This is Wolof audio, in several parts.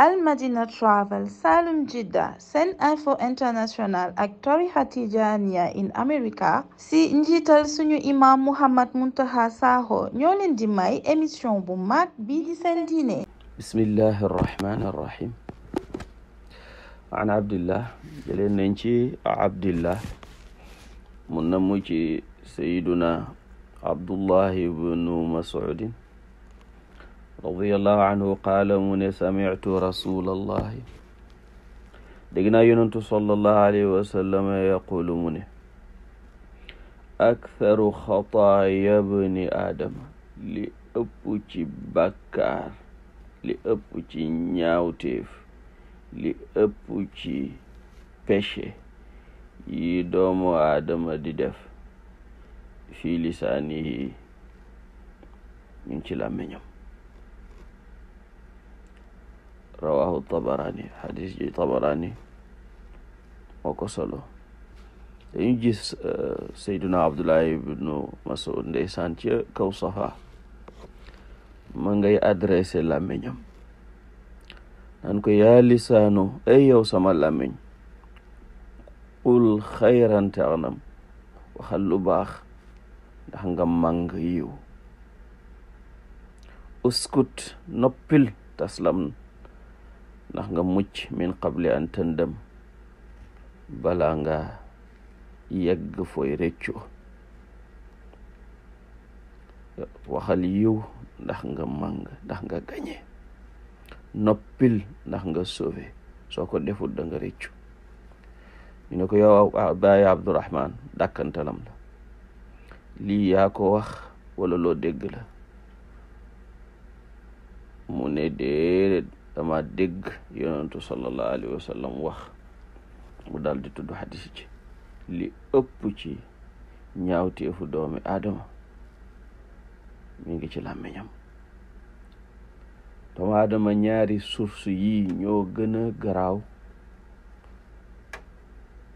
al madina travel salum jidda sen info international ak tarixa tijaniya in america si njiital suñu imam muhammad muntaha sakho ñoo di may émission bu mag bii di seen diine bismillahi arrahmani arrahim an abdillah jëleen nañ ci abdillah abdullahi ibnu masudin radiallahu anhu qaala mu ne samictu rasulallahi dégg naa yonentu sallallahu alayhi wasallama yaqulu mu ne aktharu xataaya bni aadama li ëpp ci bàkkaar li ëpp ci ñaawteef li ëpp ci péché yi doomu aadama di def fii lisaanihi ñu ngi ci làmmiñam rawahu tabaraani xadis ji tabaraani moo ko solo dañu gis eh, sayduna abdullahi ibnu masud ndeysaan ci kaw safa ma ngay adressé làmmiñam naan ko yaa lisaanu ay yow sama làmmiñ qul xayran tagnam waxal lu baax ndax nga màng yiw uskut noppil taslam ndax nga mucc min qabli an tëndam balaa nga yegg fooy réccu waxal yiw ndax nga màng ndax nga gañe noppil ndax nga sauvé soo ko deful da nga réccu ñu ne ko yow baay Abdurahman dàkkantalam la lii yaa ko wax wala loo dégg la mu ne déedéet dama dégg yonentu sallallahu alayhi wa wax mu daal di tudd xadis ci li ëpp ci ñaawteefu doomi aadama mi ngi ci làmmiñam doomu ñaari source yi ñoo gën a garaaw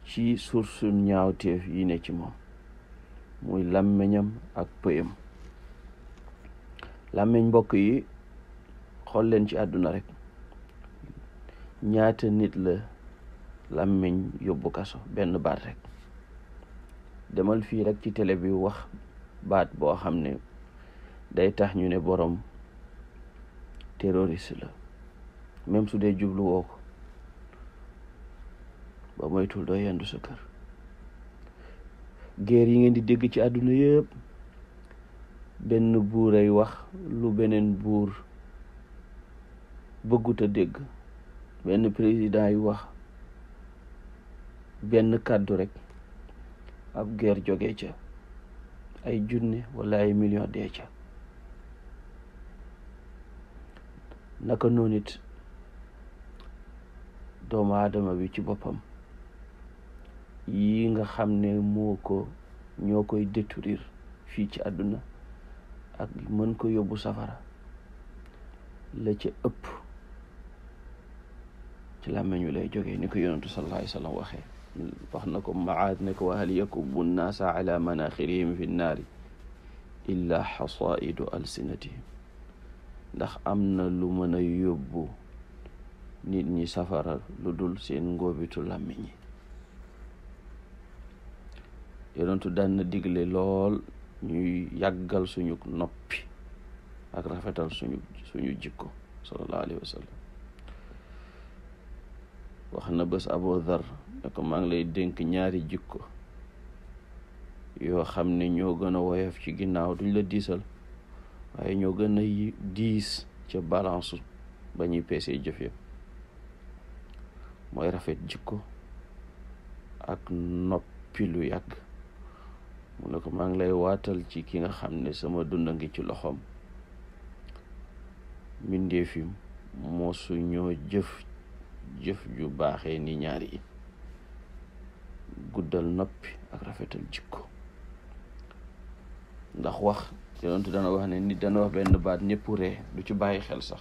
ci source ñaawteef yi ne ci moom muy làmmiñam ak pëyam làmmiñ mbokk yi xool leen ci àdduna rek ñaata nit la làmmiñ yóbbu kaso benn baat rek demal fii rek ci télé bi wax baat boo xam ne day tax ñu ne borom terroriste la même su dee jublu woo ko ba moytul doo yendu sa kër guerre yi ngeen di dégg ci àdduna yëpp benn buur ay wax lu beneen buur bëgguta dégg benn président yi wax benn kàddu rek ab guerre jógee ca ay junne walla ay million dee ca naka noonu it doomu aadama bi ci boppam yi nga xam ne moo ko ñoo koy détruire fii ci àdduna ak mën ko yóbbu safara la ci ëpp ci làmmeñu lay jógee ni ko yonentu sallallahu na ko macaad ne ko wa hal yakubbu nnaasa ala manaxirihim fi nnaari illa xasaidu alsinatihim ndax am na lu mën a yóbbu nit ñi safara lu dul seen ngóobitu làmmiñ yi yonentu daan na digle lool ñuy yàggal suñu noppi ak rafetal suñu suñu jikko sallallahu alayhi wa wax na bés Abu Dhar ko maa ngi lay dénk ñaari jikko yoo xam ne ñoo gën a woyof ci ginnaaw duñ la diisal waaye ñoo gën a diis ca balance ba ñuy peesee jëf mooy rafet jikko ak noppi lu yàgg mu ne ko maa ngi lay waatal ci ki nga xam ne sama dund a ngi ci loxoom mbindeefim mosu ñoo jëf jëf ju baaxe ni ñaari yi guddal noppi ak rafetal jikko ndax wax yonentu dana wax ne nit dana wax benn baat ñëpp ree du ci bàyyi xel sax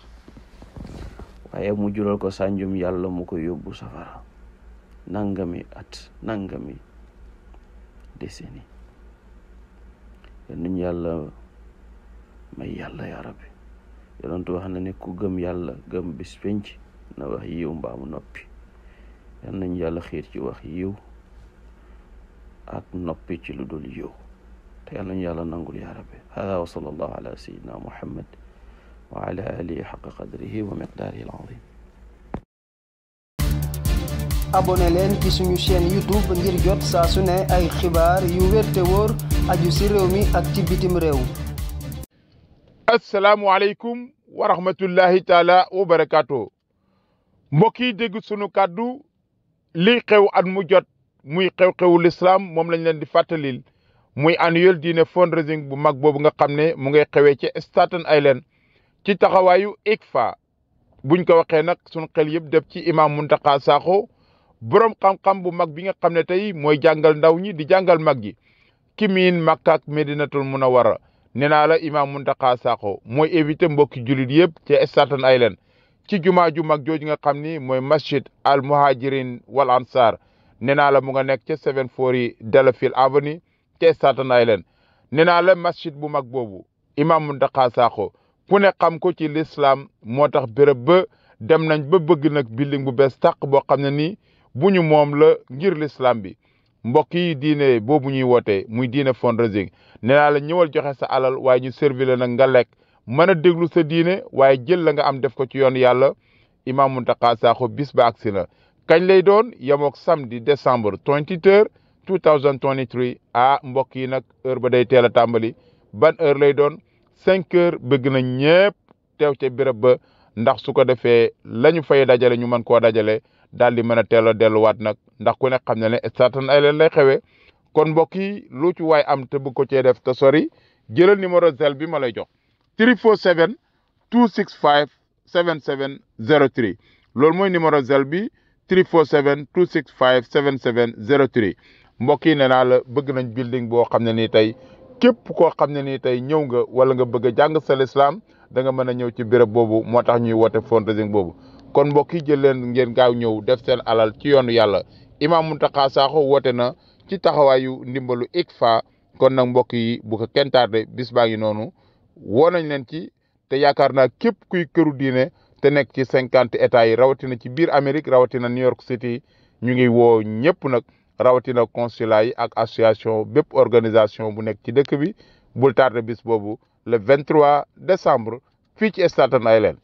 waaye mu jural ko sànjum yàlla mu ko yóbbu safara nangami at nangami décennie yal yàlla may yàlla yaa yonentu wax na ne gëm yàlla gëm bis na wax yiw mbaa mu noppi yal nañ yàlla xiir ci wax yiw ak noppi ci lu dul yiw te yal nañ yàlla nangul yaa rabbi hada wa sallallahu ala muhammad wa ala alihi xaqa qadrihi wa miqdaarihi al-azim abonné leen youtube ngir jot ay xibaar yu wér te aju si réew mi ak ci bitim réew asalaamualeykum wa taala wa mbokk yi dégg sunu kàddu liy xew at mu jot muy xew-xewu lislaam moom lañ leen di fàttalil muy annuel dîner fundraising bu mag boobu nga xam ne mu ngay xewee ci Staten Island ci taxawaayu ICFA buñ ko waxee nag sunu xel yëpp def ci imam Muntaqa saako borom xam-xam bu mag bi nga xam ne tey mooy jàngal ndaw ñi di jàngal mag gi ki miin Makka ak Medinatul Munawwara nee naa la mun Muntaqa saako mooy éviter mbokki jullit yëpp ci Staten Island ci jumaa ju mag jooju nga xam ni mooy masjid al muhajirin wal ansar nee naa la mu nga nekk ca 740 Delafield Avenue ca Staten Island nee naa la masjid bu mag boobu imam Muntaqa Sakho ku ne xam ko ci lislaam moo tax béréb ba dem nañ ba bëgg nag building bu bees tàq boo xam ne nii bu ñu moom la ngir lislaam bi mbokk yi diine boobu ñuy wootee muy diine fundraising nee naa la ñëwal joxe sa alal waaye ñu servi la nag nga lekk mën a déglu sa diine waaye jël la nga am def ko ci yoon yàlla imam Mountakha Sakho bis ba agsi na kañ lay doon yemook samedi décembre 23 2023 ah mbokk yi nag heure ba day teel a tàmbali ban heure lay doon cinq heures bëgg na ñëpp teew ca béréb ba ndax su ko defee lañu ñu fay dajale ñu mën koo dajale daal di mën a teel a delluwaat nag ndax ku ne xam na ne satan ay leen lay xewee kon mbokk yi lu ci waay am te bëgg ko cee def te sori jëlal numéro zel bi ma lay jox 347 265 7703 loolu mooy numéro zel bi 347 265 7703 mbokk yi nee naa la bëgg nañ building boo xam ne nii tey képp koo xam ne nii tey ñëw nga wala nga bëgg a jàng sa lislaam da nga mën a ñëw ci béréb boobu moo tax ñuy woote fundraising boobu kon mbokk yi jël leen ngeen gaaw ñëw def seen alal ci yoonu yàlla Imam Mountakha Sakho woote na ci taxawaayu ndimbalu ICFA kon nag mbokk yi bu ko kenn tardé bis baa ngi noonu woo nañ leen ci te yaakaar naa képp kuy këru diine te nekk ci cinquante états yi rawatina ci biir Amérique rawatina New York City ñu ngi woo ñëpp nag rawatina consulat ak association bépp organisation bu nekk ci dëkk bi bul tardé bis boobu le 23 décembre fii ci Staten Island